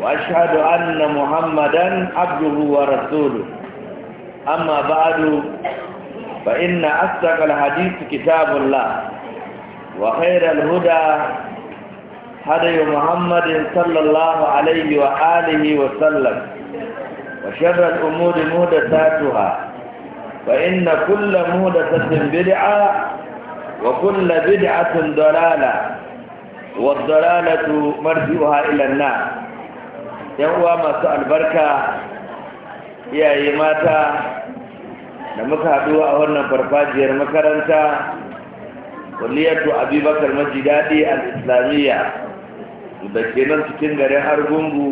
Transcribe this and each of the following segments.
وأشهد أن محمدا عبده ورسوله أما بعد فإن أصدق الحديث كتاب الله وخير الهدى هدي محمد صلى الله عليه وآله وسلم وشر الأمور مهدساتها فإن كل مهدسة بدعة وكل بدعة ضلالة والضلالة مرجئها إلى النار yan uwa masu albarka iyaye mata da muka haɗu a wannan farfajiyar makaranta kulliyatu abubakar majidadi al-islamiyya da ke nan cikin garin argungu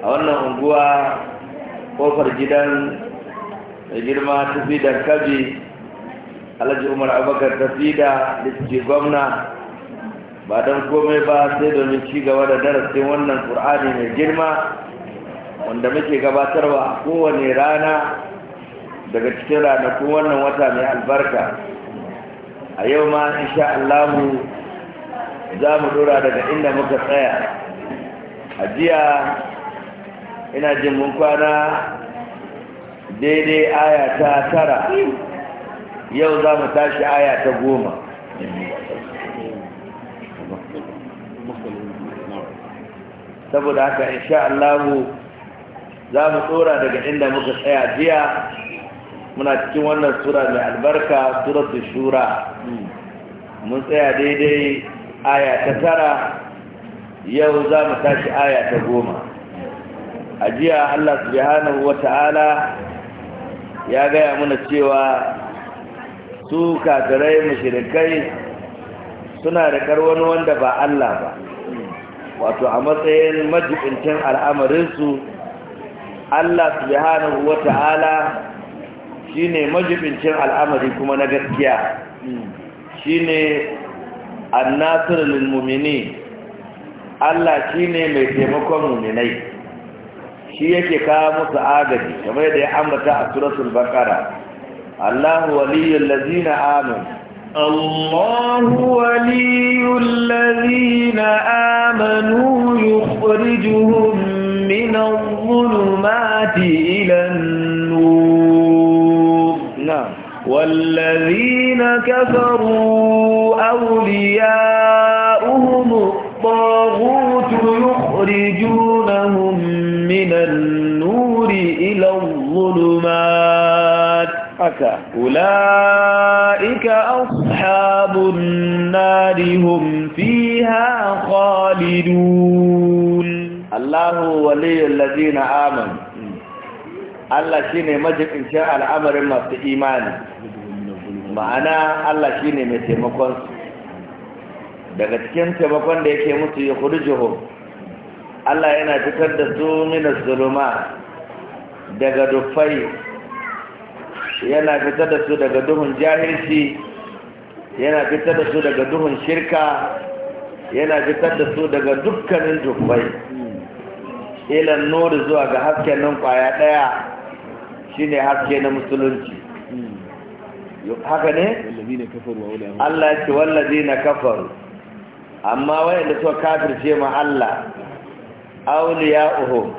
a wannan unguwa kofar gidan mai girma tafi da kabi alhaji umar abubakar tafi da da gwamna ba don komai ba sai domin ci gaba da darasin wannan ƙur'ani mai girma wanda muke gabatarwa a kowane rana daga cikin ranakun wannan wata mai albarka a yau ma insha Allahu za mu dora daga inda muka tsaya a jiya ina jin mun kwana daidai aya ta tara yau za mu tashi aya ta goma saboda haka insha Allah za mu tsora daga inda muka tsaya jiya muna cikin wannan sura mai albarka suratul shura mun tsaya daidai aya ta tara yau za mu tashi aya ta goma a jiya Allah subhanahu ta'ala ya gaya mana cewa su kafirai mushrikai suna da wani wanda ba Allah ba wato a matsayin majibincin al'amarinsu Allah subhanahu wa ta'ala shi ne majibincin al'amari kuma na gaskiya shi ne annasirin mummini Allah shi ne mai taimakon muminai shi yake kawo musu agaji kamar da ya ambata a suratul bakara. Allahu waliyyul lazina amin. الله ولي الذين آمنوا يخرجهم من الظلمات إلى النور نعم والذين كفروا أولياؤهم الطاغوت يخرجونهم من النور إلى الظلمات أولئك أصحاب أصحاب النار هم فيها خالدون الله ولي الذين آمنوا Allah shi ne majikincin al'amarin masu imani ma'ana Allah shi ne mai su. daga cikin taimakon da yake mutu ya kudu jiho Allah yana fitar da su mina zuluma daga dufai yana fitar da su daga duhun jahilci yana fitar da su daga duhun shirka yana fitar da su daga dukkanin dubbai ilan nuri zuwa ga hasken nan kwaya daya shine haske na musulunci haka ne Allah ce wallazi na kafaru amma wayanda suka kafirce ma Allah awliya'uhum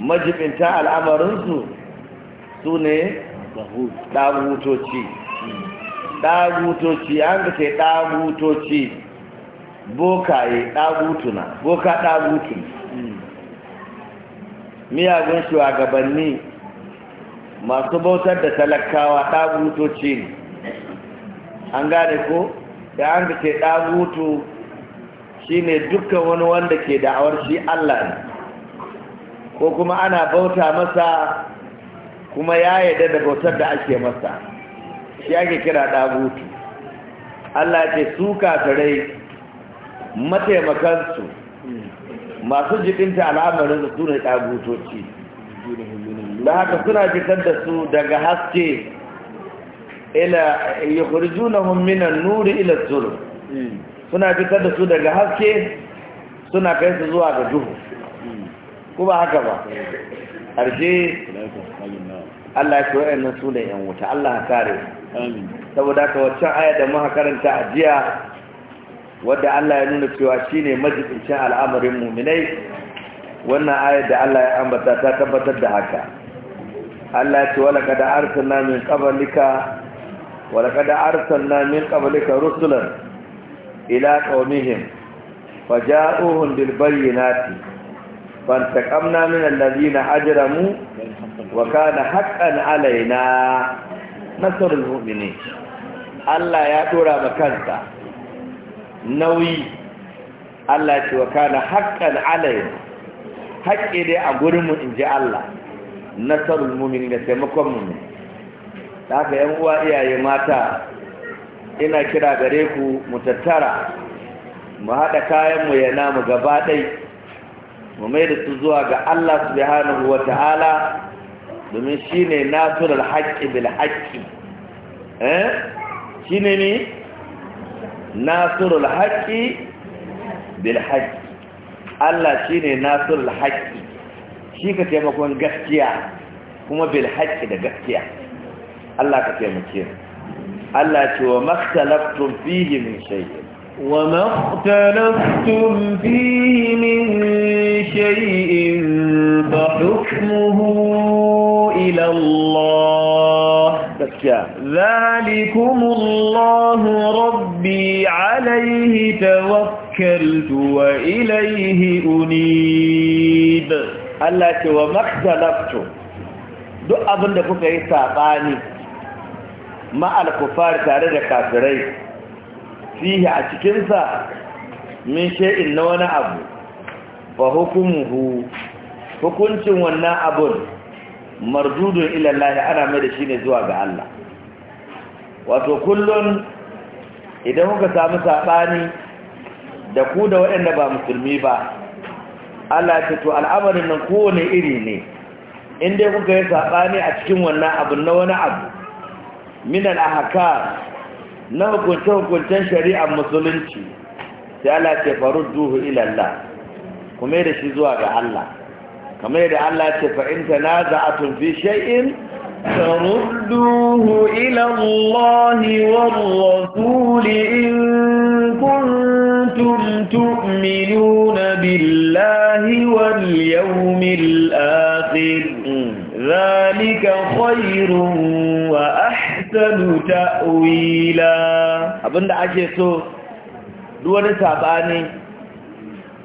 majibinta al'amarinsu su ne ɗagutoci ɗagutoci an ka ce ɗagutoci bokaye ɗagutuna boka ɗagutun miyagun shugabanni masu bautar da talakawa ɗagutoci ne an gane ko da an ka ce ɗagutu shi ne dukkan wani wanda ke da'awar shi Allah ne ko kuma ana bauta masa kuma ya yarda da bautar da ake masa shi ake kira ɗab'utu Allah ce su kafirai mataimakansu masu jikinta al'amarin su ne ɗagutoci da haka suna fitar da su daga haske ila ya kurju na nuri ila suna fitar da su daga haske suna kai su zuwa ga duhu kuma haka ba ƙarshe Allah ya ce wa'annan su ne 'yan wuta Allah kare su saboda ka waccan aya da muka karanta a jiya wadda Allah ya nuna cewa shine majibincin al'amarin mu'minai wannan ayar da Allah ya ambata ta tabbatar da haka Allah ya ce wala kada arsalna min qablika wala kada arsalna min qablika rusulan ila qaumihim faja'uhum bil bayyinati fantaqamna min alladhina ajramu alaina nasarul mu'mini Allah ya dora ma kansa nauyi Allah ce wa kana haƙƙan alayhi haƙƙi dai a gurin mu ji Allah Nasarar mu'mini da taimakon mu da haka yan uwa iyaye mata ina kira gare ku mu tattara mu haɗa kayan mu yana mu gaba mu mai da su zuwa ga Allah subhanahu wa ta'ala domin shi ne natural haƙƙi bil haƙƙi eh shi ne ne natural haƙƙi bil haƙƙi Allah shi ne natural haƙƙi shi ka taimakon gaskiya kuma bil haƙƙi da gaskiya Allah ka taimake Allah ce wa maktalaftum fihi min shay'in وما اختلفتم فيه من شيء فحكمه إلى الله ذلكم الله ربي عليه توكلت وإليه أنيب الله وما اختلفتم duk abin da kuka yi saɓani ma'alkufar tare da kafirai fiye a cikinsa min she'in wannan abun mardudun ilallahi ana mai da shi ne zuwa ga Allah wato kullun idan kuka samu saɓani da ku da waɗanda ba musulmi ba Allah ce to al'amarin nan kowane iri ne in dai kuka yi saɓani a cikin wannan abu na wani abu minal ahaka na hukuncen shari'ar musulunci sai Allah ce faru duhu ilallah kuma da shi zuwa ga Allah kamar da Allah ce fa in tanaza'atun fi shay'in farudduhu ila Allah in kuntum tu'minuna billahi wal yawmil akhir zalika khairun wa ahsanu ta'wila abinda ake so duk wani sabani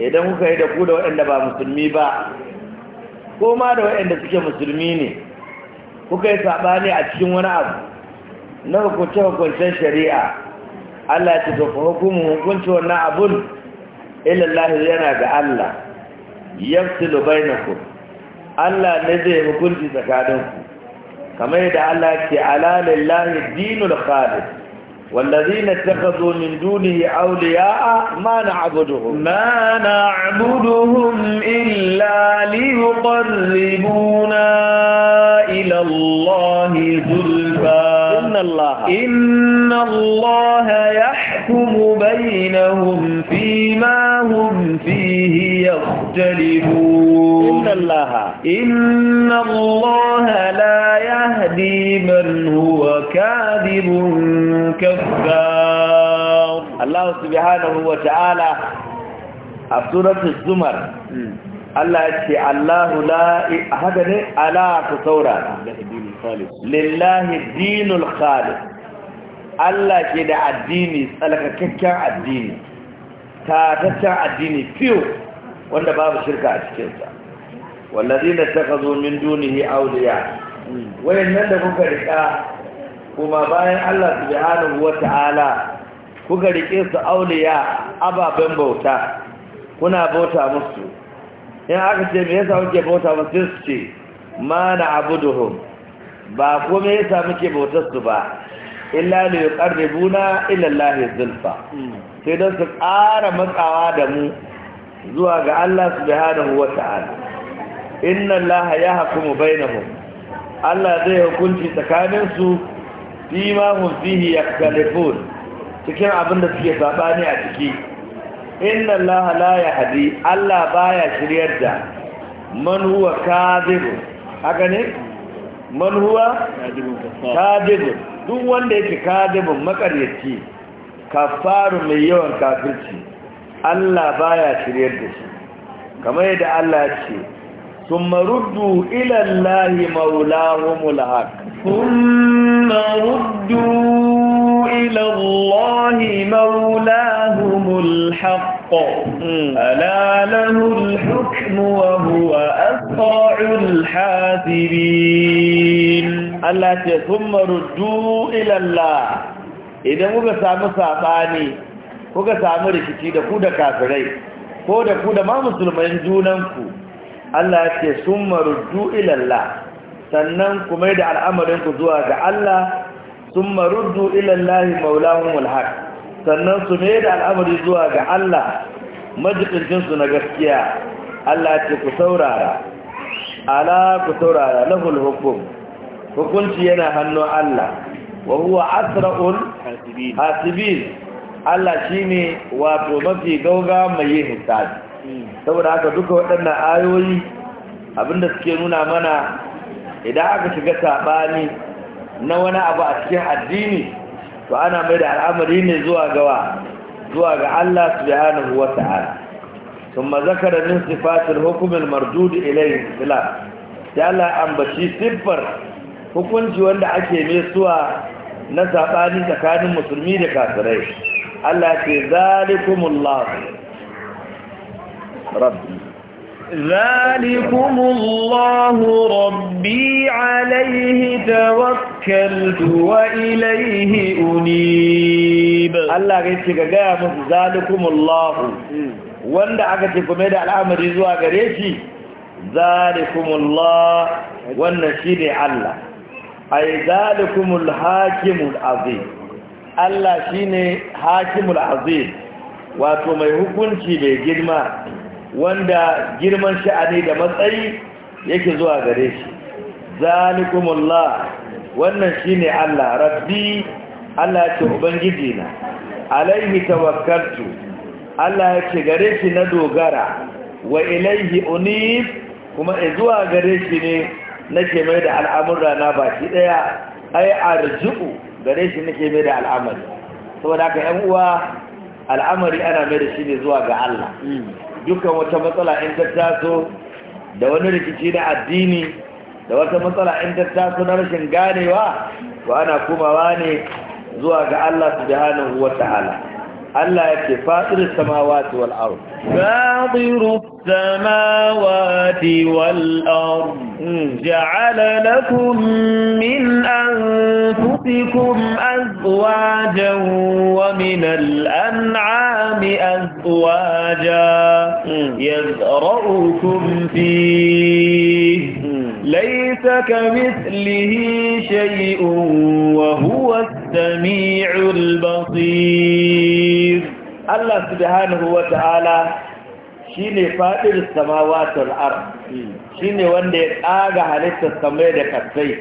idan kuka yi da ku da waɗanda ba musulmi ba ko ma da waɗanda suke musulmi ne kuka yi saɓani a cikin wani abu na hukunce hukuncen shari'a Allah ya ce tafi hukumin hukunci wannan abun ilallahi yana ga Allah yafsilu bainakum Allah ne zai hukunci tsakaninku kamar yadda Allah ke ala lillahi dinul khalis والذين اتخذوا من دونه أولياء ما نعبدهم ما نعبدهم إلا ليقربونا إلى الله زلفى إن الله إن الله يحكم بينهم فيما هم فيه يختلفون إن الله إن الله لا يهدي من هو كاذب كفار الله سبحانه وتعالى سورة الزمر الله يتي الله لا هذا ألا تصورا لله الدين الخالص الله كده الديني سألك ككا الديني تاتتا الديني فيو wanda babu shirka a cikinsa والذين اتخذوا من دونه أولياء وإن ندفك ركاء كما باين الله سبحانه وتعالى kuka rike su auliya ababen bauta kuna bauta musu in aka ce me yasa kuke bauta musu su ce ma na abuduhum ba kuma yasa muke bautar su ba illa li yuqarribuna ila Allah zulfa sai don su ƙara matsawa da mu zuwa ga Allah subhanahu wata'ala inna allaha yahkumu bainahum Allah zai hukunci tsakaninsu fi ma hum fihi yaktalifun cikin abin da suke sabani a ciki inna allaha la yahdi Allah baya shiryar da man huwa kadhib haka ne man huwa kadhib duk wanda yake kadhibun makaryaci kafaru mai yawan kafirci Allah baya shiryar da shi kamar yadda Allah ya ce ثم ردوا إلى الله مولاهم الحق ثم ردوا إلى الله مولاهم الحق ألا له الحكم وهو أسرع الحاسبين الله ثم ردوا إلى الله إذا مقسم ساباني kuka samu rikici da ku da kafirai ko da ku da ma musulman junanku Allah ya ce sun maruddu ilallah sannan kuma da al'amarinku zuwa ga Allah sun maruddu ilallahi maulahun mulhaq sannan su mai da al'amari zuwa ga Allah majikincinsu na gaskiya Allah ya ce ku saurara ala ku saurara lahul hukum hukunci yana hannu Allah wa huwa asra'ul hasibin Allah shine wato mafi gauga mai yin hisabi saboda haka duka waɗannan ayoyi abinda suke nuna mana idan aka shiga saɓani na wani abu a cikin addini to ana mai da al'amari ne zuwa gawa zuwa ga Allah subhanahu wa ta'ala thumma zakara min sifatil hukm al mardud ilayhi ya Allah ambaci siffar hukunci wanda ake mesuwa na saɓani tsakanin musulmi da kafirai Allah ce zalikumullahu ربي ذلكم الله ربي عليه توكلت وإليه أنيب الله يتكى قام ذلكم الله wanda aka ce kuma da zuwa gare shi zalikumullah wannan shi ne Allah ai zalikumul hakimul azim Allah shi ne hakimul azim wato mai hukunci mai girma wanda girman sha'ani da matsayi yake zuwa gare shi zalikumullah wannan shine Allah rabbi Allah ce ubangiji na alaihi tawakkaltu Allah ya ce gare shi na dogara wa ilaihi unib kuma e zuwa gare shi ne nake mai da al'amura na baki daya ai arju'u gare shi nake mai da al'amari saboda haka yan uwa al'amari ana mai da shi ne zuwa ga Allah dukkan wata matsala in ta taso da wani rikici na addini da wata matsala in ta taso na rashin ganewa to ana kumawa ne zuwa ga Allah subhanahu ta'ala Allah yake fadir samawati wal ard fadir samawati wal ard ja'ala lakum min anfusikum azwajan wa min al an'ami azwaja yazra'ukum fihi ليس كمثله شيء وهو السميع البصير Allah subhanahu wa ta'ala shi ne faɗin samawatar ar shi ne wanda ya ƙaga halittar samai da katsai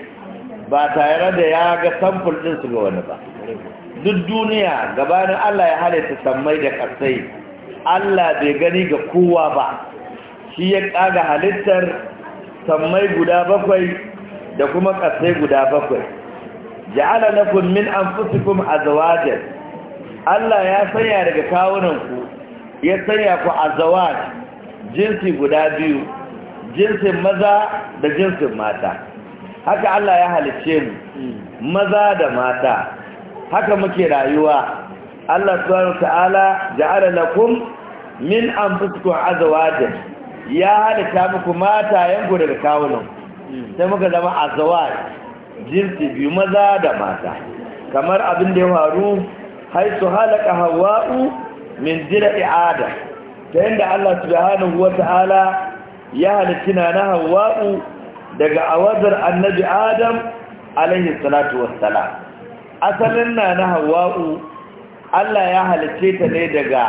ba tare da ya ga samfur ɗinsu ga wani ba duk duniya gabanin Allah ya halitta samai da katsai Allah bai gani ga kowa ba shi ya ƙaga halittar samai guda bakwai da kuma katsai guda bakwai ja'ala kun min an anfusikum azwajan Allah ya sanya daga kawunanku ya sanya ku azawat jinsi guda biyu jinsin maza da jinsin mata haka Allah ya halice mu maza da mata haka muke rayuwa Allah subhanahu ta'ala ja'ala lakum min anfusikum azwajan ya halitta muku mata yanku daga kawunan sai muka zama azwaj jinsi biyu maza da mata kamar abin da ya faru haitu halaka hawa'u min jira adam ta yadda Allah subhanahu ta'ala ya halitti na na hawa'u daga awazar annabi adam alaihi salatu wassalam asalin na na hawa'u Allah ya halitte ta ne daga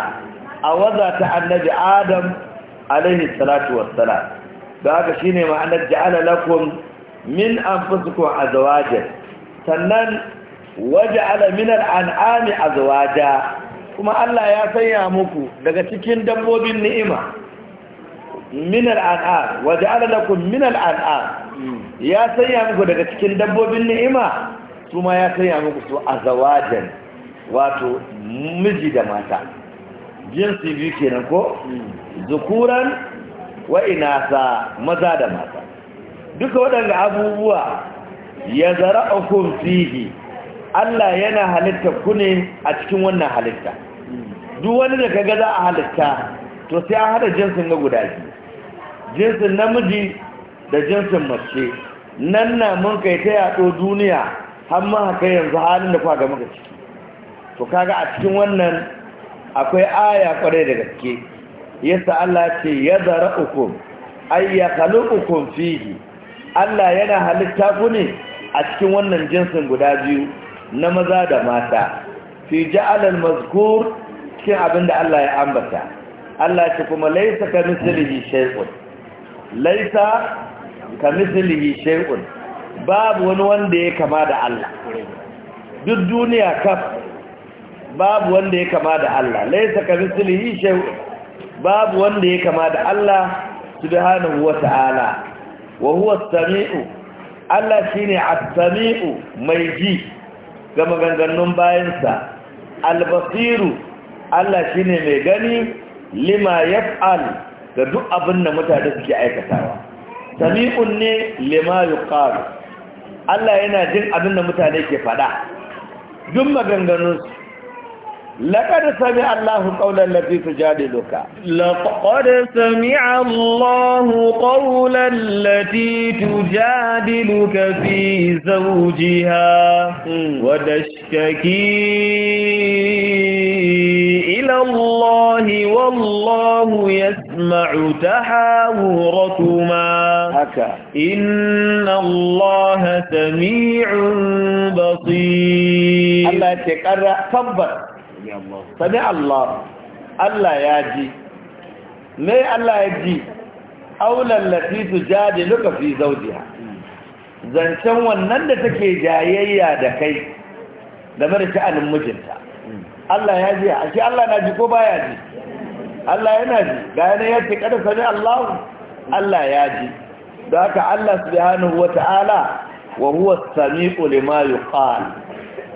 awaza ta annabi adam alaihi salatu wassalam da haka shine ma'anar ja'ala lakon min an a zawajen sannan waje alaminar an'ami a zuwaja kuma Allah ya sanya muku daga cikin dabbobin ni'ima minar an'am waje alalakun minar an'am ya sanya muku daga cikin dabbobin ni'ima su ma ya sanya muku su a zawajen wato miji da mata jinsi biyu kenan ko zukuran wa inasa maza da mata duka waɗanda abubuwa ya zara fihi Allah yana halitta ku ne a cikin wannan halitta duk wani da kaga za a halitta to sai an hada jinsin ga guda biyu jinsin namiji da jinsin mace nan na mun kai ta yaɗo duniya har ma haka yanzu halin da kwaga muka ciki to kaga a cikin wannan akwai aya kwarai da gaske yasa Allah ce ya zara uku ai ya uku fihi Allah yana halitta ku ne a cikin wannan jinsin guda biyu na maza da mata fi ja'alal mazkur cikin abinda Allah ya ambata Allah ce kuma laisa ka mislihi shay'un laisa ka mislihi shay'un babu wani wanda ya kama da Allah duk duniya kaf babu wanda ya kama da Allah laisa ka mislihi shay'un babu wanda ya kama da Allah subhanahu wata'ala wa huwa as-sami'u Allah shine as-sami'u mai ji ga maganganun bayansa albasiru Allah shi ne mai gani lima yaf'al ga duk abin da mutane suke aikatawa sami'un ne lima ƙaru Allah yana jin abin da mutane ke faɗa duk maganganunsu لقد سمع الله قول التي تجادلك لقد سمع الله قول التي تجادلك في زوجها وتشتكي إلى الله والله يسمع تحاوركما إن الله سميع بصير الله تقرأ تبت sami Allah Allah ya ji me Allah ya ji aulan latifu jade luka fi zaujiha zancen wannan da take jayayya da kai da mara sha'anin mijinta Allah ya ji ashe Allah na ji ko baya ji Allah yana ji ga yana ya ce kada sami Allah Allah ya ji da haka Allah subhanahu wata'ala wa huwa as-sami'u lima yuqal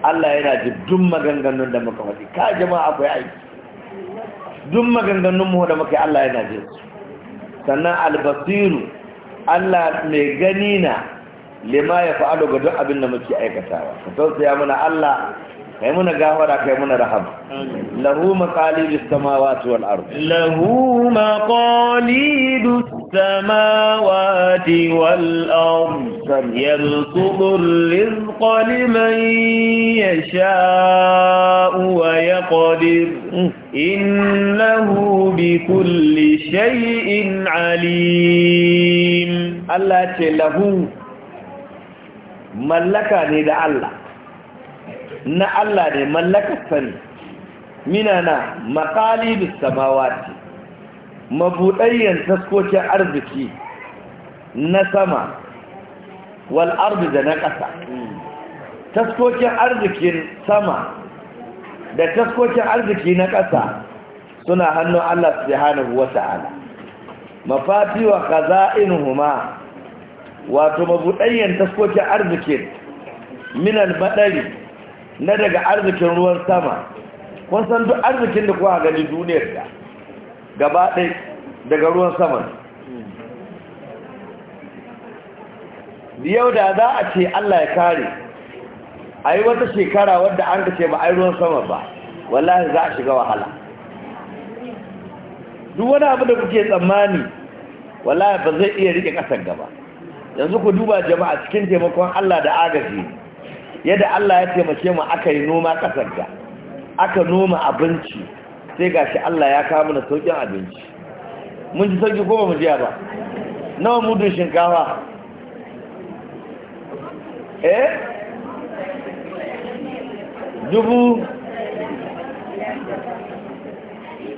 Allah yana ji duk maganganun da muka faɗi ka jama'a akwai aiki duk maganganun mu da muka yi Allah yana ji sannan albasiru Allah mai gani na lima ya fa'alu ga duk abin da muke aikatawa ka tausaya mana Allah كيمنا غفر كيمنا رحم له مقاليد السماوات والارض له مقاليد السماوات والارض يبسط الرزق لمن يشاء ويقدر انه بكل شيء عليم الله له ملكه لله na Allah ne mallakar sani minana makalibis samawati mabudayyan taskokin arziki na sama wal da na ƙasa taskokin arzikin sama da taskokin arziki na ƙasa suna hannun Allah subhanahu wata'ala mafati wa kaza qaza'inuhuma wato mabudayyan taskokin arzikin minal baɗari. na daga arzikin ruwan sama kun san duk arzikin da kuwa gani duniyar da gaba ɗai daga ruwan sama yau da za a ce Allah ya kare a yi wata shekara wadda an ka ce ba a yi ruwan sama ba wallahi za a shiga wahala duk wani abu da kuke tsammani wallahi ba zai iya rike ƙasar gaba yanzu ku duba jama'a cikin taimakon Allah da agaji yadda Allah ya taimake mu aka yi noma ƙasar da aka noma abinci sai gashi Allah ya kawo mana sauƙin abinci mun ji sauƙi ko ba mu jiya ba nawa mudun shinkafa eh dubu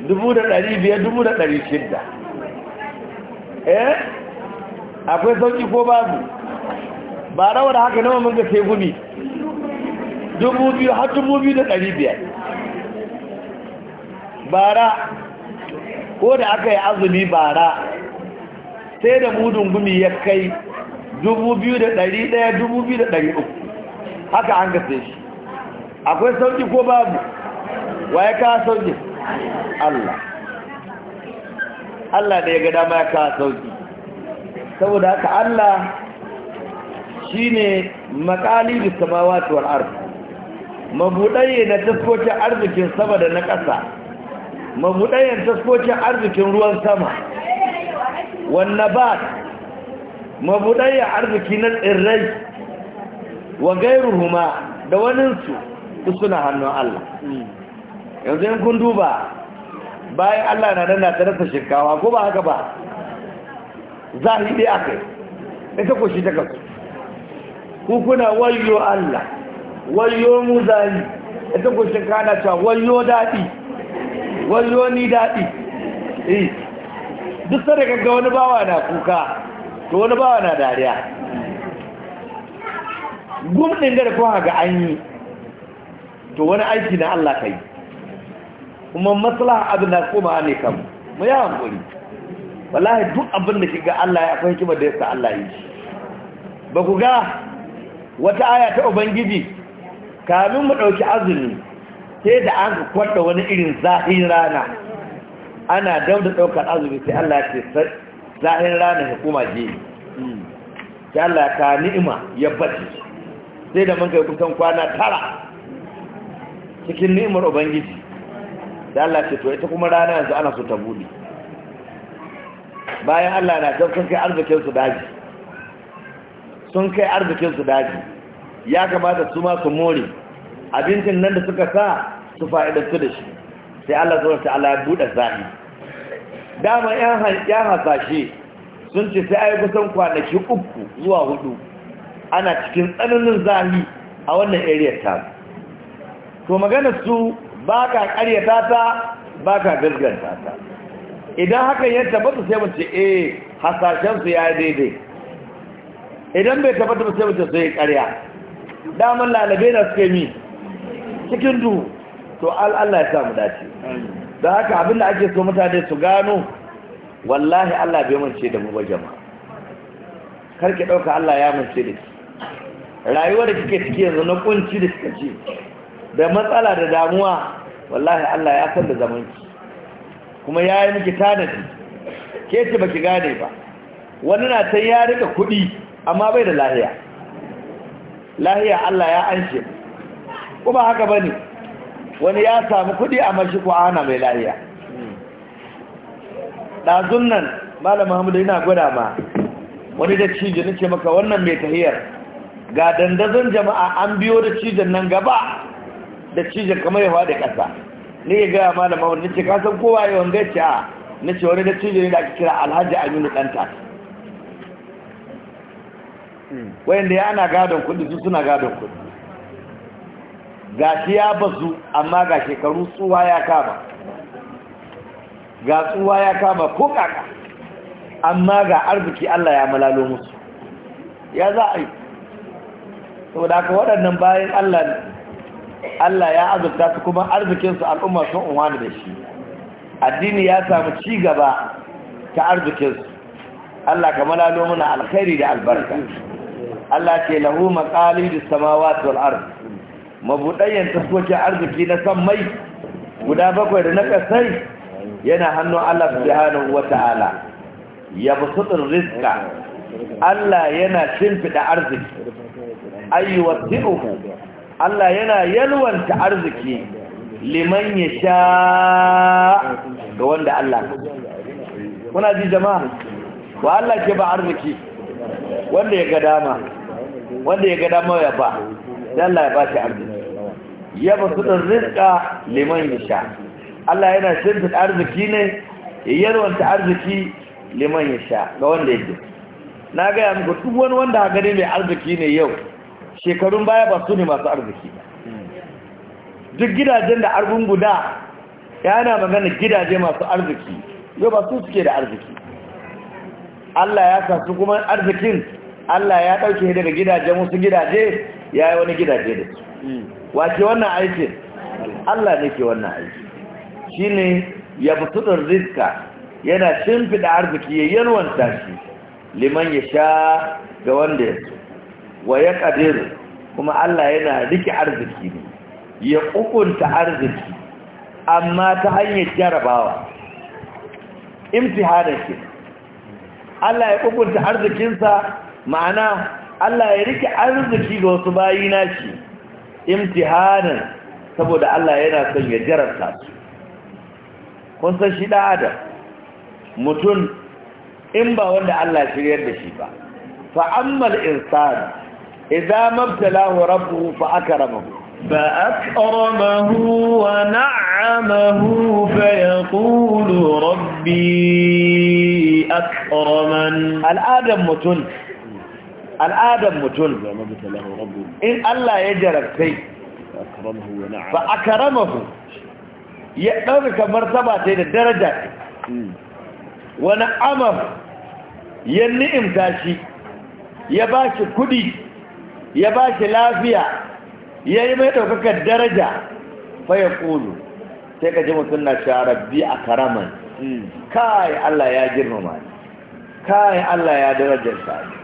dubu da ɗari biyar dubu da ɗari shidda eh akwai sauƙi ko babu ba rawar haka nawa mun ga sai gumi dubu biyu har dubu biyu da ɗari biyar bara ko da aka yi azumi bara sai da mudun gumi ya kai dubu biyu da ɗari ɗaya dubu biyu da ɗari uku haka an gasa shi akwai sauki ko babu waye ka sauki Allah Allah da ya ga dama ya kawo sauki saboda haka Allah shi ne makali da samawa wal arzu mabuɗaye na taskocin arzikin sama da na ƙasa mabuɗayen taskocin arzikin ruwan sama wannan ba mabuɗayen arziki na tsirrai wa gairuhuma da waninsu suna hannun Allah yanzu yin kun duba bayan Allah na nan ta rasa shinkawa ko ba haka ba aka yi ita ko shi ta kasu kukuna wayo Allah wayo mu zari ita gushin kana cewa wayo daɗi wayo ni daɗi eh duk sai kaga wani bawa na kuka to wani bawa na dariya gumɗin da ko haga an yi to wani aiki na Allah kai kuma maslaha abin da koma ne kam mu ya hankuri wallahi duk abin da kiga Allah ya akwai hikimar da ya sa Allah yi ba ku ga wata aya ta ubangiji kamin mu ɗauki azumi sai da an kwanta wani irin zahin rana ana dauda ɗaukar azumi sai Allah ya ce zahin rana ya kuma je sai Allah ka ni'ima ya bace sai da mun kai kusan kwana tara cikin ni'imar ubangiji sai Allah ce to ita kuma rana yanzu ana so ta bude bayan Allah na sun kai arzikin su daji sun kai arzikin su daji ya kamata su ma su more abincin nan da suka sa su fa'idantu da shi sai Allah zuwa ta'ala ya buɗe zahi dama ya hasashe sun ce sai ai kusan kwanaki uku zuwa hudu ana cikin tsananin zahi a wannan area ta to magana su ba ka ƙaryata ta ba ka gasganta ta idan hakan ya tabbata sai mu ce eh hasashen su ya daidai idan bai tabbata sai mu ce sai ƙarya daman lalabe na suke mi cikin duhu to Allah ya samu dace da haka abin da ake so mutane su gano wallahi Allah bai mance da mu ba jama'a karki dauka Allah ya mance da ki rayuwar da kike ciki yanzu na kunci da kike ci da matsala da damuwa wallahi Allah ya san da zaman ki kuma ya yi miki tanadi ke ce baki gane ba wani na ta ya rika kuɗi amma bai da lahiya lahiya Allah ya anshe kuma haka bane wani ya samu kudi a mashi ko ana mai lahiya ɗazun nan malam Muhammadu yana gwada ma wani da cije nake maka wannan mai tahiyar ga dandazon jama'a an biyo da cijen nan gaba da cijen kamar yawa da ƙasa ne ga malam Muhammadu nace kasan kowa yawan gaci a wani da cije ne da ake kira Alhaji Aminu Dantata wayanda yana gadon kudi su suna gadon kudi shi ya bazu amma ga shekaru tsuwa ya kama ga tsuwa ya kama ko kaka amma ga arziki Allah ya malalo musu ya za a yi saboda haka waɗannan bayan Allah Allah ya azurta su kuma arzikinsu al'umma sun unwani da shi addini ya samu ci gaba ta arzikinsu Allah ka malalo muna alkhairi da albarka Allah ce lahu maqalidus samawati wal ard mabudayyan taskokin arziki na san mai guda bakwai da na kasai yana hannu Allah subhanahu wataala yabsutur rizqa Allah yana shimfida arziki ayyuwasihu Allah yana yalwanta arziki liman yasha ga wanda Allah kuna ji jama'a wa Allah ke ba arziki wanda ya ga dama wanda ya ga mawa ya ba dan Allah ya ba shi arziki ya ba su da rizqa liman yasha Allah yana shirta arziki ne ya yarwanta arziki liman yasha ga wanda yake na ga muku duk wani wanda haka ne mai arziki ne yau shekarun baya ba su ne masu arziki duk gidajen da argun guda yana magana gidaje masu arziki yau ba su suke da arziki Allah ya sa su kuma arzikin Allah ya ɗauke daga gidajen wasu gidaje ya yi wani gidaje da su wace wannan aikin Allah ne ke wannan aiki shi ne ya fi tutar ziska yana shimfiɗa arziki ya yalwanta shi liman ya sha ga wanda ya so wa ya ƙadir kuma Allah yana rike arziki ne ya ƙukunta arziki amma ta hanyar jarabawa imtihanar ke Allah ya ƙukunta arzikinsa ma'ana Allah ya rike arziki ga wasu bayi nashi imtihanan saboda Allah yana son ya jararta. su kun san shi da adam mutum in ba wanda Allah shiryar da shi ba fa ammal insan idza mabtalahu rabbuhu fa akramahu فأكرمه ونعمه rabbi ربي أكرمن الآدم mutum. al'adar mutum in Allah ya jarabtai ba a karamahu ya ɗaukaka martaba ta da daraja hmm. wani amam ya ni'imta shi ya ba shi kudi ya ba shi lafiya ya yi mai ɗaukakar daraja faya kulu, sai ka ji mutum na biyu a karaman hmm. kai Allah ya girmama kai Allah ya darajar sa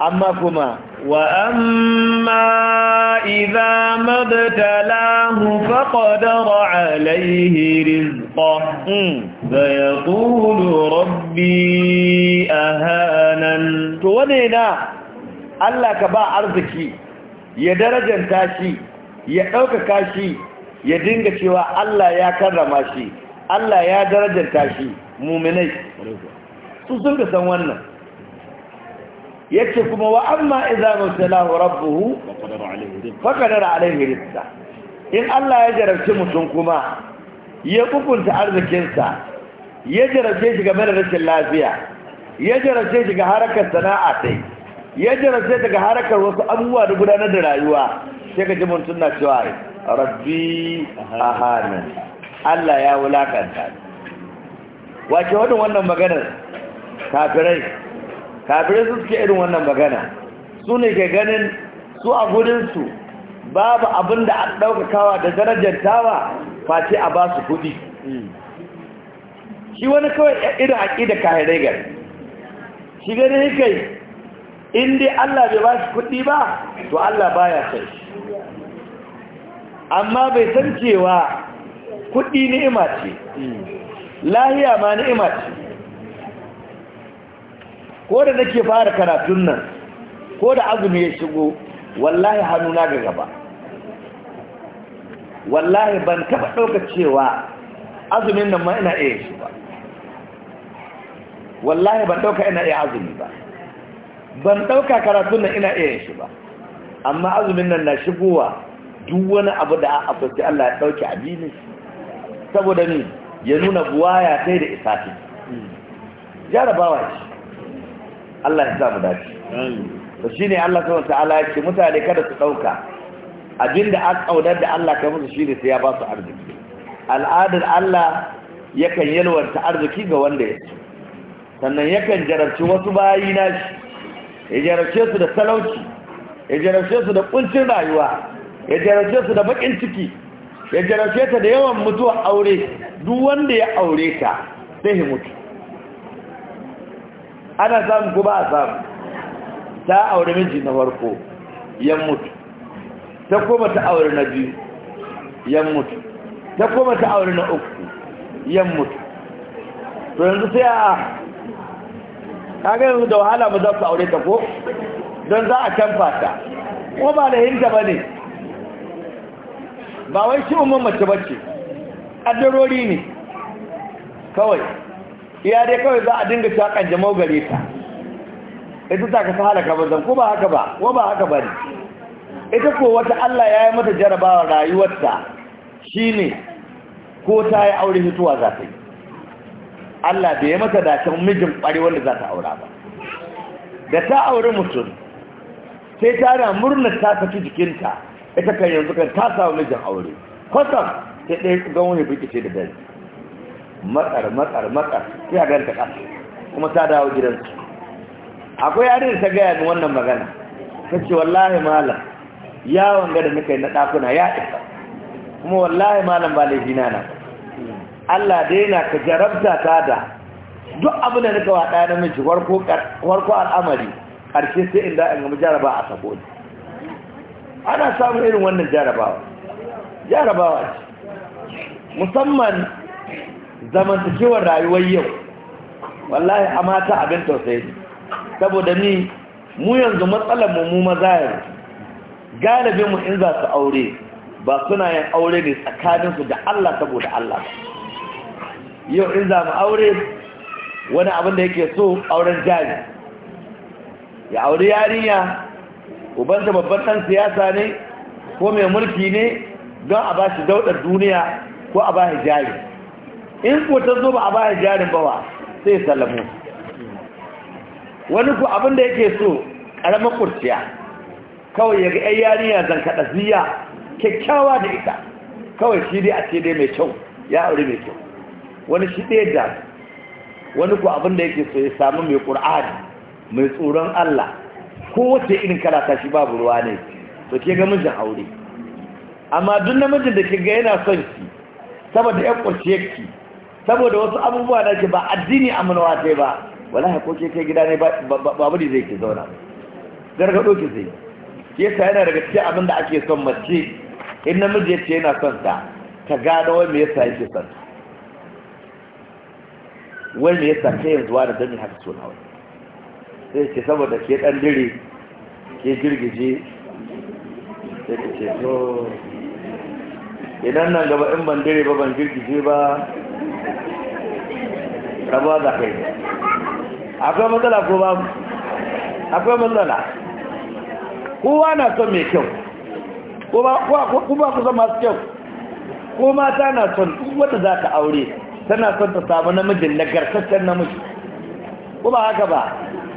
amma kuma wa amma idza mabtalahu faqadara alayhi rizqahu hmm. fayaqulu rabbi ahanan to wane na Allah ka ba arziki ya darajanta shi ya ɗaukaka shi ya dinga cewa Allah ya karrama shi Allah ya darajanta shi muminai su sun san wannan yake kuma wa amma idza mutalahu rabbuhu faqadara alayhi rizqa in Allah ya jarabci mutum kuma ya kukunta arzikinsa ya jarabce shi game da rashin lafiya ya jarabce shi ga harakar sana'a sai ya jarabce daga harakar wasu abubuwa da gudanar da rayuwa sai ka ji mutum na cewa rabbi ahana Allah ya wulakanta wace wannan wannan maganar kafirai kafirai su suke irin wannan magana su ne ke ganin su a gudunsu babu abin da a ɗaukakawa da darajar tawa face a ba su kudi shi wani kawai irin haƙi da kahirai gari shi ganin kai inda allah bai ba su kudi ba to allah baya sai amma bai san cewa kudi ni'ima ce lahiya ma ni'ima ce ko da nake fara karatun nan ko da azumi ya shigo wallahi hannuna ga gaba wallahi ban taɓa ɗauka cewa azumin nan ma ina iya shi ba wallahi ban ɗauka ina iya azumi ba ban ɗauka karatun nan ina iya shi ba amma azumin nan na shigowa duk wani abu da a fasi Allah ya ɗauki abini saboda ni ya nuna buwaya ta da isafi mm. jarabawa ce Allah ya sa mu dace to shine Allah subhanahu ta'ala ya ce mutane kada su dauka abinda an kaudar da Allah kai musu shine sai ya ba su arziki al'adar Allah yakan yalwanta arziki ga wanda ya ci sannan yakan jarabci wasu bayi na shi ya jarabce su da talauci ya jarabce su da kuncin rayuwa ya jarabce su da bakin ciki ya jarabce ta da yawan mutuwa aure duk wanda ya aure ta sai ya mutu ana samu ko ba a samu ta aure miji na farko yan mutu ta koma ta aure na biyu yan mutu ta koma ta aure na uku yan mutu to yanzu sai a kaga yanzu da wahala mu za su aure ta ko don za a canfa ta ko ba da hinta ba ne ba wai shi umar mace bace ƙaddarori ne kawai iya dai kawai za a dinga cewa jamau gare ta ita ta kasa halaka banzan ko ba haka ba ko ba haka ba ne ita ko wata Allah ya yi mata jarabawa rayuwarta shi ne ko ta yi aure hituwa za ta yi Allah bai yi mata dacen mijin ɓari wanda za ta aura ba da ta aure mutum sai ta na murnar ta saki jikinta ita kan yanzu kan ta samu mijin aure kwasan sai ɗaya ga wani fikice da dare matsar matsar matsar sai a ganta ƙasa kuma ta dawo gidansu akwai yarin ta gaya min wannan magana ta ce wallahi malam yawon gada nika yi na ɗakuna ya isa kuma wallahi malam ba laifi na Allah daina ka jarabta ta da duk abin da nika wa ɗaya namiji warko al'amari ƙarshe sai in da'in gama jaraba a sabo ana samun irin wannan jarabawa jarabawa ce musamman zamantakewar rayuwar yau wallahi a mata abin tausayi saboda ni mu yanzu matsalar mu mu maza yanzu galibin mu in za su aure ba suna yin aure ne tsakaninsu da Allah saboda Allah yau in za mu aure wani abin da yake so auren jari ya aure yarinya uban ta babban ɗan siyasa ne ko mai mulki ne don a ba shi daudar duniya ko a ba shi jari in ku ta zo ba a bayar jarin bawa sai salamu wani ku abin da yake so ƙaramin kurciya kawai ya ga ‘yan yariya zankaɗa ziya kyakkyawa da ita kawai shi dai a ce dai mai kyau ya aure mai kyau wani shi ɗaya da wani ku abin da yake so ya samu mai ƙur'ani mai tsoron Allah ko kowace irin karata shi babu ruwa ne to ke ga mijin aure amma duk namijin da ke ga yana son ki saboda ya ki. saboda wasu abubuwa da ke ba addini amanawa ce ba wala ko ke kai gida ne ba bari zai ke zauna gargado ki zai ya sa yana daga cikin abin da ake son mace in namiji ya ce yana son ta ka gano wai me yasa yake son ta wai me yasa kai yanzu da dani haka so nawa sai ke saboda ke dan dire ke girgije sai ke ce to idan nan gaba in ban dire ba ban girgije ba rabuwa za ka akwai matsala ko ba akwai matsala kowa na son mai kyau ko ba ku zama masu kyau ko mata na son wadda za ta aure tana son ta samu namijin na nagartaccen namiji ko ba haka ba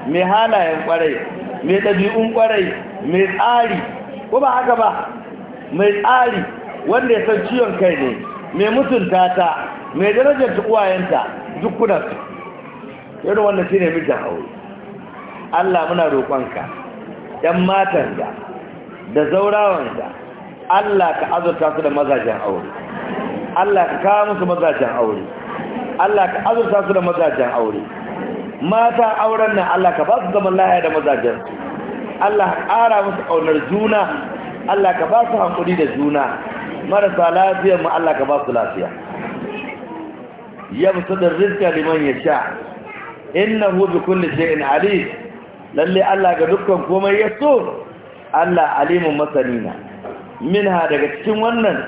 mai halayen kwarai mai ɗabi'un kwarai mai tsari ko ba haka ba mai tsari wanda ya san ciyon kai ne mai mutunta ta mai darajar uwayenta duk kuna su irin wannan shi ne mijin aure Allah muna roƙonka ɗan matan da da zaurawan da Allah ka azurta su da mazajen aure Allah ka kawo musu mazajen aure Allah ka azurta su da mazajen aure mata auren nan Allah ka ba su zaman lahaya da mazajen Allah ka ƙara musu ƙaunar juna Allah ka ba su hankuli da juna marasa lafiyar mu Allah ka ba su lafiya yabtudir rizqa liman yasha innahu bikulli shay'in alim lallai Allah ga dukkan komai ya so Allah alimun masanina minha daga cikin wannan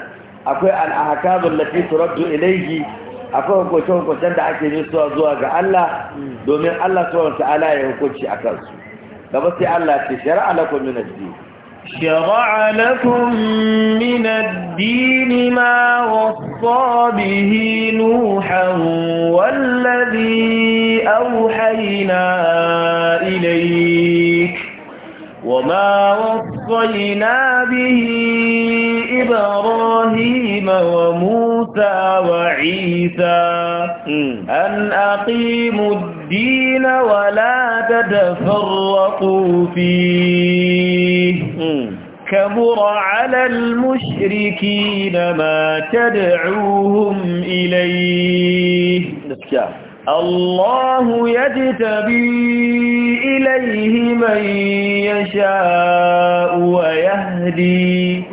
akwai al-ahkabul lati turaddu ilayhi akwai hukuncin hukuncin da ake yi zuwa zuwa ga Allah domin Allah subhanahu ta'ala ya hukunci akan su gaba sai Allah ya shar'a lakum min ad-din shar'a lakum min ad ma wasa bihi الكتاب أن أقيموا الدين ولا تتفرقوا فيه كبر على المشركين ما تدعوهم إليه الله يجتبي إليه من يشاء ويهدي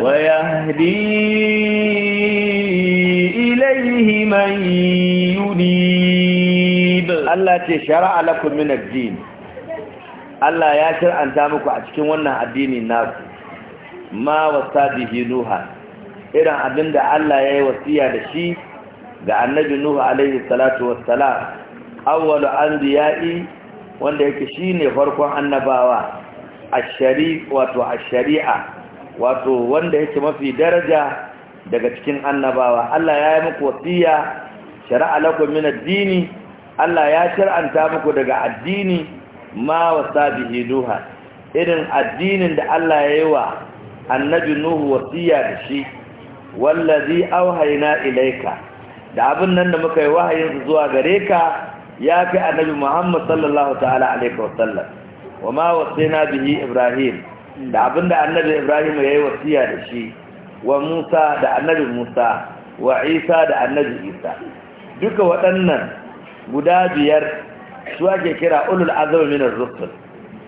ويهدي Allah ce shara'a lakum min ad-din Allah ya shar'anta muku a cikin wannan addini naku ma wasa bihi nuha irin abinda Allah ya yi wasiya da shi ga annabi nuhu alaihi salatu wassalam awwalu anbiya'i wanda yake shine farkon annabawa ash wato ash-shari'a wato wanda yake mafi daraja daga cikin annabawa Allah ya yi muku wasiya shara'a lakum min ad-dini Allah ya shar'anta muku daga addini ma wasa bihi nuha irin addinin da Allah ya yi wa annabi nuhu wasiya da shi wallazi auhayna ilaika da abin nan da muka yi wahayin zuwa gare ka ya kai annabi Muhammad sallallahu ta'ala alaihi sallam, wa ma wasaina bihi ibrahim da abin da annabi ibrahim ya yi wasiya da shi wa musa da annabi musa wa isa da annabi isa duka waɗannan guda biyar su ake kira ulul azumi minar rusul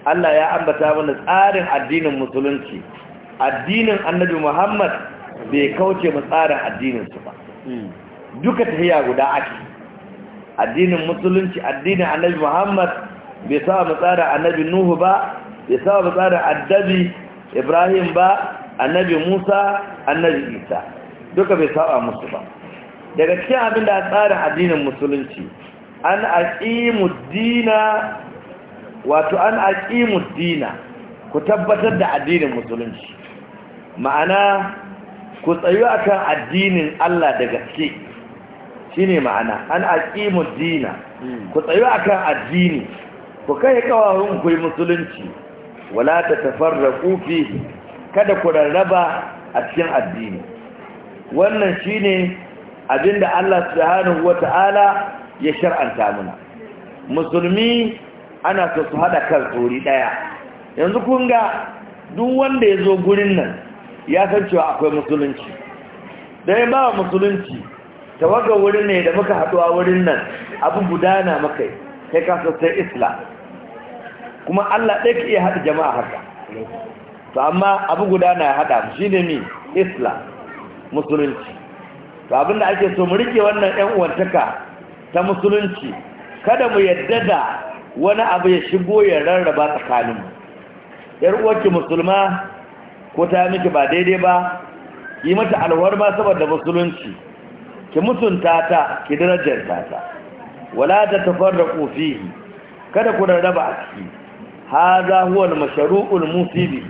Allah ya ambata mana tsarin addinin musulunci addinin annabi Muhammad bai kauce mu tsarin addinin su ba duka tafiya guda ake addinin musulunci addinin annabi Muhammad bai sa mu tsarin annabi Nuhu ba bai sa mu tsarin addabi Ibrahim ba annabi Musa annabi Isa duka bai saba musu ba daga cikin abin da tsarin addinin musulunci an aqimud dina wato an aqimud dina ku tabbatar da addinin musulunci ma'ana ku tsayu akan addinin Allah da gaske shine ma'ana an aqimud dina ku tsayu akan addini ku kai kawawun ku musulunci wala tafarraqu fi kada ku rarraba a cikin addini wannan shine abinda Allah subhanahu wata'ala ya shar'anta muna musulmi ana so su haɗa kan tsori ɗaya yanzu kun ga duk wanda ya zo gurin nan ya san cewa akwai musulunci da ya ba musulunci tawaga wurin ne da muka haɗu a wurin nan abu gudana maka kai ka sai islam kuma allah ɗaya ka iya haɗa jama'a haka to amma abu gudana ya haɗa shi ne mi islam musulunci to abinda ake so mu rike wannan 'yan uwantaka ta musulunci kada mu yadda da wani abu ya shigo ya rarraba tsakaninmu yar uwarki musulma ko ta miki ba daidai ba yi mata alwarma saboda musulunci ki mutunta ta ki darajarta ta wala ta da fihi kada ku rarraba a ciki Ha za huwa mashruul musibi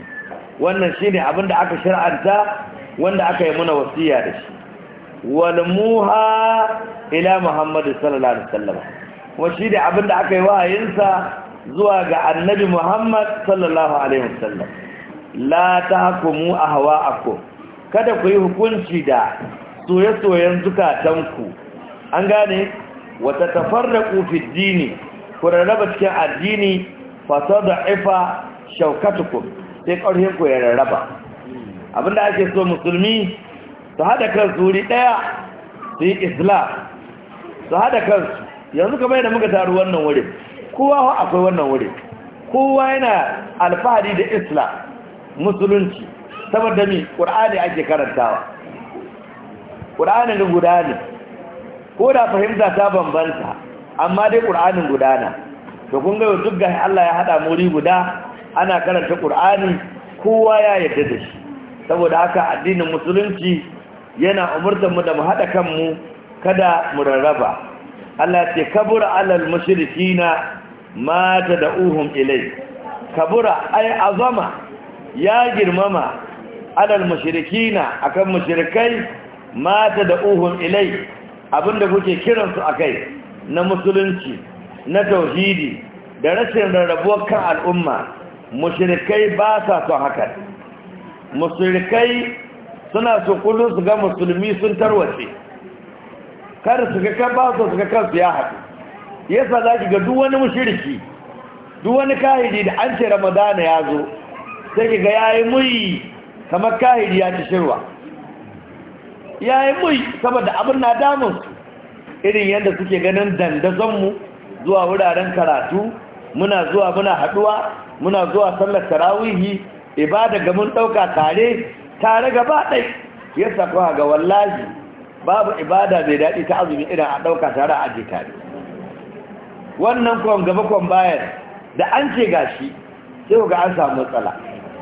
wannan shine da aka shar'anta wanda aka yi mana wasiya da shi walmuha ila muhammadu sallallahu alaihi wasallam kuma shi da abinda aka yi wahayinsa zuwa ga annabi muhammad sallallahu alaihi wasallam la tahkumu ahwa'akum kada ku yi hukunci da soyayyen zukatanku an gane wata tatafarraqu fi dini ku rarraba cikin addini fasada ifa shaukatukum sai ƙarfin ku ya rarraba abinda ake so musulmi su haɗa kansu wuri ɗaya su yi islam su haɗa kansu yanzu kama yana muka taru wannan wurin kowa akwai wannan wuri kowa yana alfahari da isla, musulunci saboda mi ƙur'ani ake karantawa ƙur'anin guda ne ko da fahimta ta bambanta amma dai ƙur'anin gudana, na to kun gaiwa duk gashi Allah ya haɗa muri guda ana karanta ƙur'ani kowa ya yadda da shi saboda haka addinin musulunci yana umurtar mu da mu haɗa kanmu kada mu rarraba Allah ce kabura alal mushrikina ma uhum ilai kabura ai azama ya girmama alal mushrikina akan mushrikai da uhum ilai abinda kuke kiransu akai na musulunci na tauhidi da rashin rarrabuwar kan al'umma mushrikai ba sa son haka mushrikai suna so kullum su ga musulmi sun tarwace kar su ga kan basu su ga kansu ya haɗu yasa za ki ga duk wani mushiriki duk wani kahidi da an ce ramadana ya zo sai ki ga yayi muyi kamar kahidi ya ci shirwa yayi muyi saboda abin na damun su irin yadda suke ganin mu zuwa wuraren karatu muna zuwa muna haɗuwa muna zuwa sallar tarawihi ibada ga mun ɗauka tare tare gaba ɗai ya sako ga wallahi babu ibada mai daɗi ta azumi idan a ɗauka tare a aje tare wannan kwan gaba kwan bayan da an ce gashi sai ga an samu matsala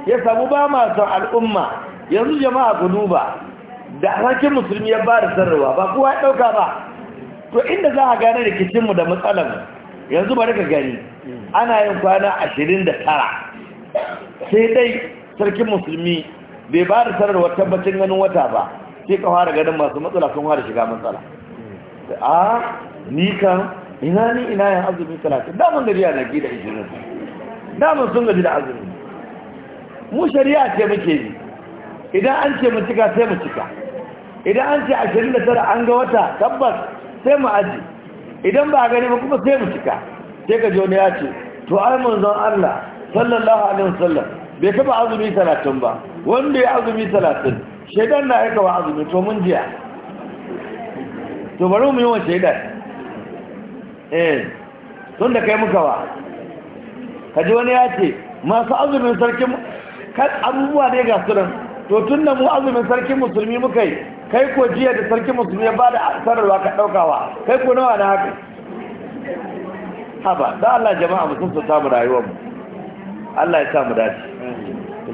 ya samu ba masu al'umma yanzu jama'a ku duba da harkin musulmi ya ba da sarrawa, ba kowa ya ɗauka ba to inda za a gane rikicinmu da matsalar yanzu ba rika gani ana yin kwana ashirin da tara sai dai sarkin musulmi bai ba da sanarwar tabbacin ganin wata ba sai ka fara ganin masu matsala sun fara shiga matsala a ni kan ina ni ina yan azumi talatin daman gari na gida da ishirin daman sun gaji da azumi mu shari'a ce muke yi idan an ce mu cika sai mu cika idan an ce ashirin da tara an ga wata tabbas sai mu aji idan ba gani ba kuma sai mu cika sai ka ji wani ya ce to ai manzon Allah sallallahu alaihi wasallam bai taba azumi talatin ba wanda ya azumi talatin shaidan na aika wa azumi to mun jiya to bari mu yi wa shaidan eh tun da kai muka wa kaji wani ya ce masu azumin sarkin kan abubuwa ne ga nan to tun da mu azumin sarkin musulmi muka yi kai ko jiya da sarkin musulmi ya bada sararwa ka ɗaukawa kai ko nawa na haka haba da Allah jama'a musulmi su samu rayuwar mu Allah ya samu dace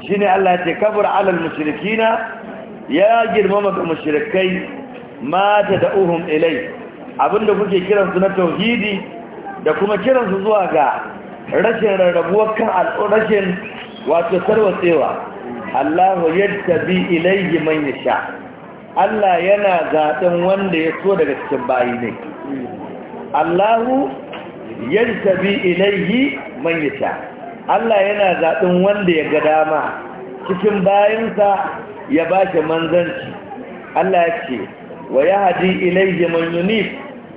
shi ne Allah ce kabur alal mushrikina ya girmama ga mushrikai mata da uhun ilai abinda kuke kiransu na tauhidi da kuma kiransu zuwa ga rashin rarrabuwar kan al'urashin wato tarwatsewa Allah yadda bi ilaihi man sha. Allah yana zaɓen wanda ya so daga cikin bayi ne Allah yadda bi ilaihi man sha. Allah yana zaɓin wanda ya ga dama cikin bayansa ya ba shi manzanci Allah ya ce wa ya haji ilaihi man yunif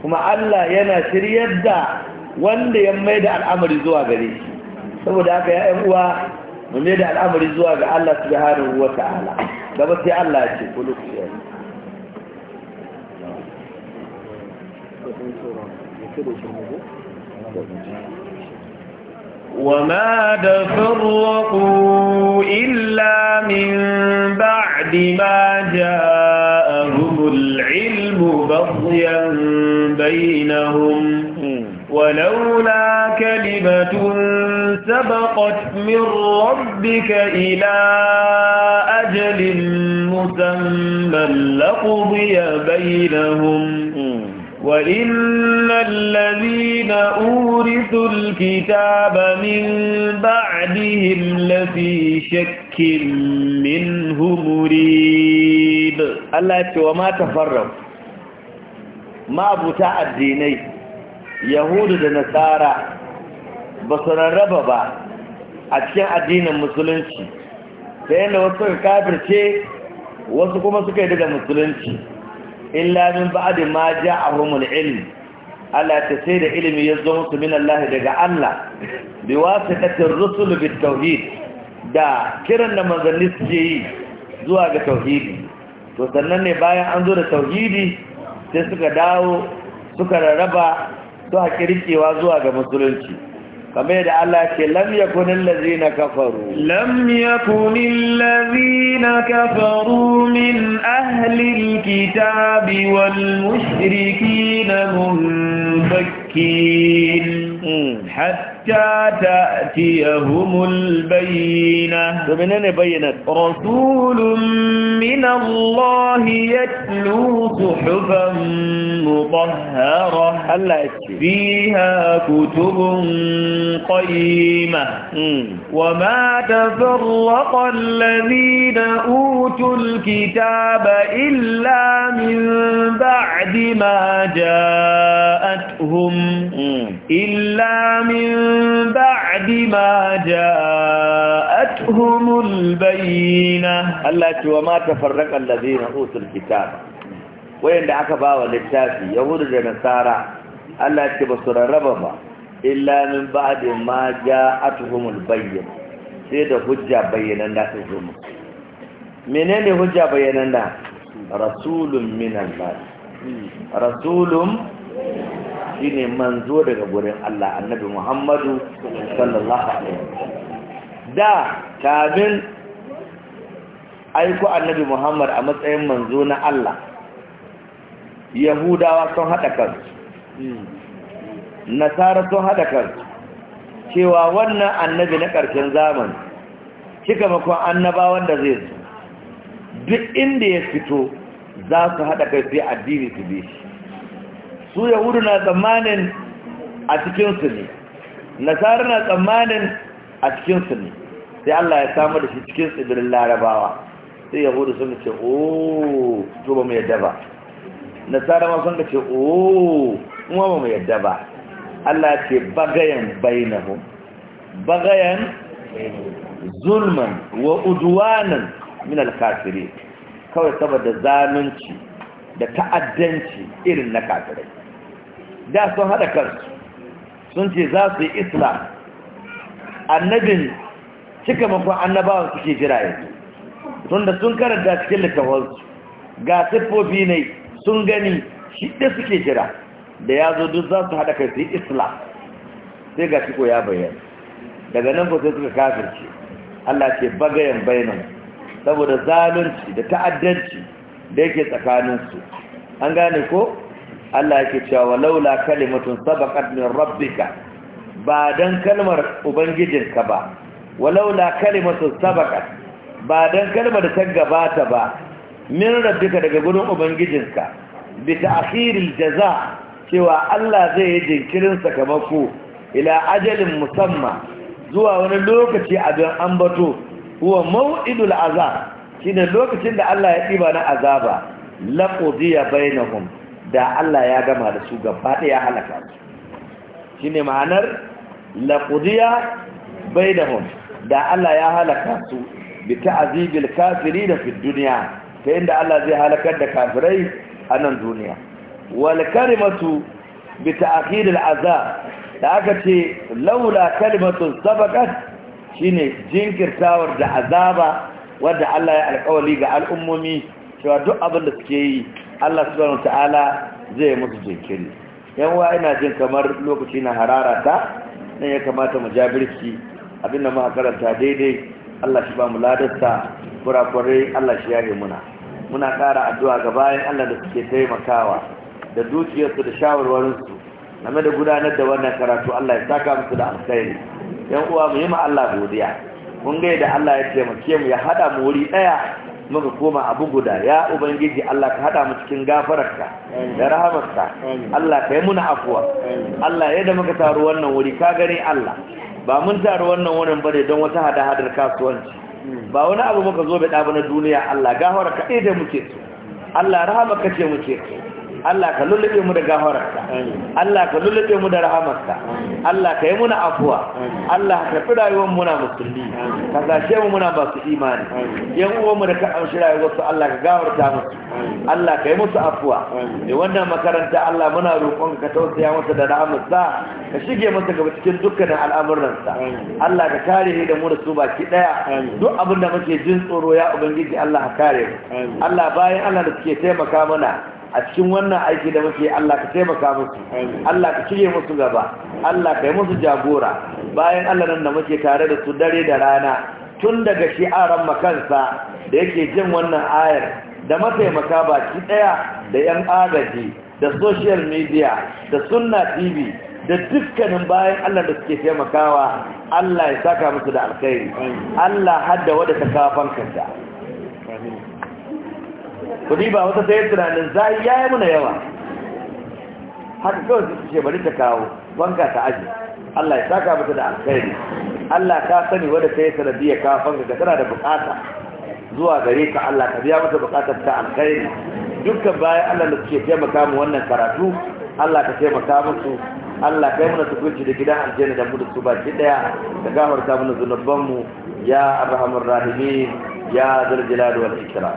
kuma Allah yana shiryar da wanda ya mai da al'amari zuwa gare shi saboda haka ya ‘yan uwa mu mai da al'amari zuwa ga Allah su ga wa ta'ala gaba sai Allah ya ce kuluk shi Thank you. وما تفرقوا إلا من بعد ما جاءهم العلم بغيا بينهم ولولا كلمة سبقت من ربك إلى أجل مسمى لقضي بينهم وإن الذين أورثوا الكتاب من بعدهم لفي شك منه مريب الله يتوى ما تفروا ما بتاع الديني يهود ونصارى بصر الرببة أتشاء الدين المسلمين فإن وصل كافر شيء wasu kuma suka yi daga musulunci illa min ba'di ma ja'ahumul ilm Allah ta sai da ilimi ya zo musu min Allah daga Allah bi wasitatir rusul bit tauhid da kiran da manzanni suke yi zuwa ga tauhidi to sannan ne bayan an zo da tauhidi sai suka dawo suka rarraba suka kirkewa zuwa ga musulunci kamar da Allah ke lam yakun allazina kafaru lam yakun allazina kafaru min أهل الكتاب والمشركين منفكين حتى حتى تأتيهم البينة رسول من الله يتلو صحفا مطهرة فيها كتب قيمة وما تفرق الذين أوتوا الكتاب إلا من بعد ما جاءتهم إلا من بعد ما جاءتهم البينة التي وما تفرق الذين أوتوا الكتاب وين دعك باوى للتافي يهود النصارى التي بصر ربما إلا من بعد ما جاءتهم البينة سيدة هجة بينا ناتهم منين هجة بينا رسول من الله رسول shine manzo daga gurin Allah annabi Muhammadu sallallahu alaihi da kamin aiko annabi Muhammad a matsayin manzo na Allah Yahudawa sun haɗa kansu Nasara sun haɗa kansu cewa wannan annabi na ƙarshen zaman kika makon Annaba wanda zai su duk inda ya fito za su haɗa kai sai addini su bi shi su yahudu na tsammanin a cikinsu ne nasara na tsammanin a cikinsu ne sai Allah ya samu da shi cikin tsibirin larabawa sai yahudu sun ce ooo oh, to ba mu yadda ba nasara ma sun ce ooo oh, kuma ba mu yadda ba Allah ya ce bagayen bainahu bagayen zulman wa udwanan min alkafiri kawai saboda zalunci da ta'addanci irin na kafirai da sun haɗa kansu sun ce za su yi isla annabin cika annabawa annabawan suke jira yanzu tun da sun karanta cikin littafansu ga siffofi ne sun gani shi da suke jira da ya zo duk za su haɗa kai su yi isla sai ga ciko ya bayyana daga nan ko sai suka kafirce Allah ce bagayen bainan saboda zalunci da ta'addanci da yake tsakaninsu an gane ko Allah yake cewa laula kalimatun sabaqat min rabbika ba dan kalmar ubangijinka ba walaula kalimatun sabaqat ba dan kalmar da ta gabata ba min rabbika daga gurin ubangijinka bi ta'khiril jaza cewa Allah zai yi jinkirin sakamako ila ajalin musamma zuwa wani lokaci abin ambato huwa mau'idul azab shine lokacin da Allah ya diba na azaba laqudiya bainahum da Allah ya gama da su gaba ya halaka su shi ne ma'anar laƙudiya bai da hun da Allah ya halaka su bi ta'azibil kafiri da fi duniya ta inda Allah zai halakar da kafirai a nan duniya wal kalimatu bi ta'khir azab da aka ce laula kalimatun sabaqat shine jinkirtawar da azaba wanda Allah ya alƙawari ga al'ummomi cewa duk abin da suke yi Allah subhanahu ta'ala zai musu jinkiri yan wa ina jin kamar lokaci na harara ta nan ya kamata mu jabirci da muka karanta daidai Allah shi ba mu ladarsa kurakurai Allah shi yare muna muna ƙara addu'a ga bayan Allah da suke taimakawa da dukiyarsu da shawarwarinsu game da gudanar da wannan karatu Allah ya saka musu da alkhairi yan uwa mu yi ma Allah godiya mun ga da Allah ya taimake mu ya haɗa mu wuri ɗaya. muka koma abu guda ya ubangiji Allah ka hada mu cikin gafararka da rahamarka Allah ka yi muna afuwa Allah yadda muka taru wannan wuri ka gani Allah ba mun taru wannan wurin bane don wata hada-hadar kasuwanci hmm. ba wani abu muka zo da na duniya Allah gafararka ɗaya da muke Allah Allah rahamarka ce muke so Allah ka lullube mu da gafararka Allah ka lullube mu da rahamarka Allah ka yi muna afuwa Allah ka fi rayuwar muna musulmi ka sashe mu muna masu imani yan uwanmu da ka amshi rayuwar su Allah ka gafarta musu Allah ka yi musu afuwa da wannan makaranta Allah muna roƙon ka tausaya masa da rahamarsa ka shige masa gaba cikin dukkanin al'amuransa Allah ka kare ni da mu da su baki daya duk abin muke jin tsoro ya ubangiji Allah ka kare mu Allah bayan Allah da suke taimaka mana a cikin wannan aiki da muke Allah ka taimaka musu Allah ka cire musu gaba Allah ka yi musu jagora bayan Allah nan da muke tare da su dare da rana tun daga shi'aran makansa da yake jin wannan ayar da mataimaka baki daya da yan agaji da social media da sunna tv da dukkanin bayan Allah da suke taimakawa Allah ya saka musu da alkhairi Allah hadda wadda ta kafan kanta kudi ba wata sayar tunanin za ya yi muna yawa haka kawai su ce bari ta kawo wanka ta aji Allah ya saka mata da alkhairi Allah ka sani wadda ta yi ka fanka ka tana da bukata zuwa gare ka Allah ka biya mata bukatar ta alkhairi dukkan bayan Allah da suke taimaka mu wannan karatu Allah ka taimaka musu Allah kai muna tukunci da gidan aljanna da mu da su baki daya da gafarta mana zunubanmu ya arhamar rahimi ya zal wal ikram